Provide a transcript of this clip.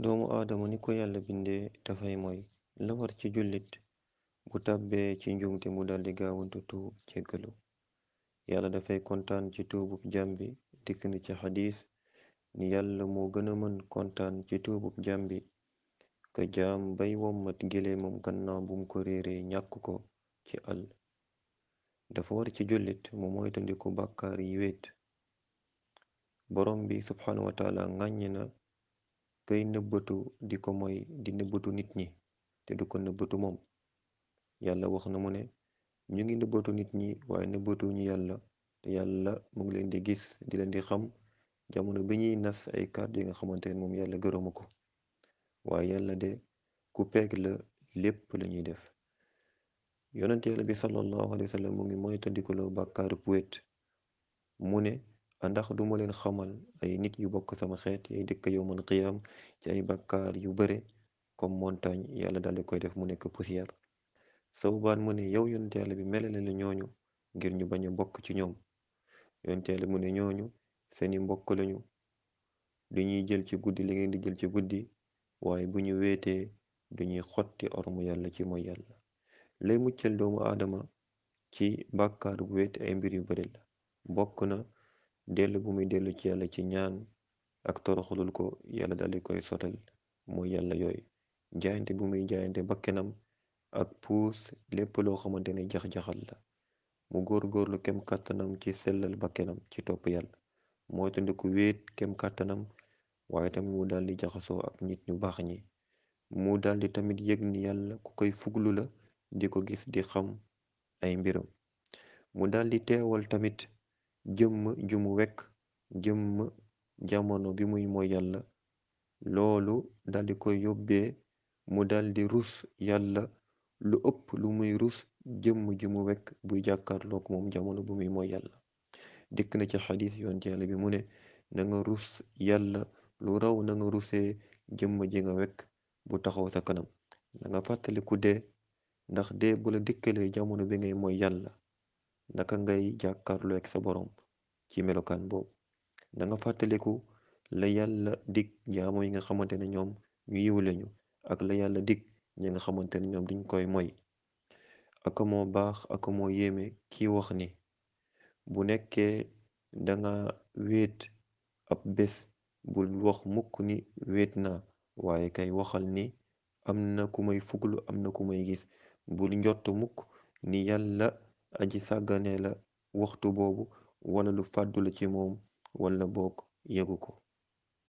doomu aadama ni ko yàlla bindee dafay mooy la war ci jullit bu tàbbee ci njuumte mu daldi gaawantu tuub jéggalu yàlla dafay kontaan ci tuubub jàmbi dikk ci xadiis ni yàlla moo gën a mën kontaan ci tuubub jàmbi ka jaam bay wommat gileemam gannaaw bu mu ko réeree ñàkk ko ci àll dafa war ci jullit mu moytandiku bàkkaar yi wéet borom bi subxanahu wa na kay nëbbatu di ko moy di nëbbatu nit ñi te du ko nëbbatu moom yàlla wax na mu ne ñu ngi nëbbatu nit ñi waaye nëbbatu ñu yàlla te yàlla mu ngi leen di gis di leen di xam jamono bi ñuy nas ay kàddu yi nga xamante ne moom yàlla gërëmu ko waaye yàlla de ku peeg la lépp lañuy ñuy def yonent yàlla bi sallallahu alayhi wa sallam mu ngi moytandikuloo bàkkaarub wéet mu ne ndax duma leen xamal ay nit yu bokk sama xeet yay dëkk yowmal qiyaam ci ay bakkaar yu bare comme montagne yàlla daal di koy def mu nekk poussière sawbaan mu ne yow yonent yàlla bi melale la ñooñu ngir ñu bañ a bokk ci ñoom yonent yàlla mu ne ñooñu seeni mbokk lañu li ñuy jël ci guddi li ngeen di jël ci guddi waaye bu ñu weetee duñuy xotti ormu yàlla ci mooy yàlla lay muccal doomu aadama ci bàkkaar bu weete ay mbir yu bari la bokk na dellu bu muy dellu ci yàlla ci ñaan ak toroxalul ko yàlla daldi koy sotal mooy yàlla yooyu jaayante bu muy jaayante bakkenam ak puus lépp loo xamante ne jax-jaxal la mu góor-góorlu kem kàttanam ci sellal bakkenam ci topp yàlla mooy tandi ku wéet kem kàttanam waaye tamit mu daldi jaxasoo ak nit ñu baax ñi mu daldi tamit yëg ni yàlla ku koy fuglu la di ko gis di xam ay mbiram mu daldi teewal tamit jëmm ju wekk jëmm jamono bi muy mooy yàlla loolu daldi koy yóbbee mu daldi rus yalla lu ëpp lu muy rus jëmm ju mu wekk buy jàkkaarloog moom jamono bu muy mooy yàlla dikk na ci xadis yoon ci bi mu ne na nga rus yàlla lu raw na nga rusee jëmm ji nga wekk bu taxaw sa kanam na nga fàttaliku dee ndax dee bu la dikkalee jamono bi ngay mooy yàlla naka ngay jàkkaarloo ak sa borom ci melokaan boobu da nga fàttaliku la yàlla dig yi nga xamante ne ñoom ñu ak la yàlla dig ñi nga xamante ne ñoom duñ koy moy ak baax ak moo yéeme kii wax ni bu nekkee danga wéet ab bés bul wax mukk ni wéet na waaye kay waxal ni am na ku may fuglu am na ku may gis bul njott mukk ni yàlla aji sàgganee la waxtu boobu wala lu fàddu la ci moom wala bokk yegu ko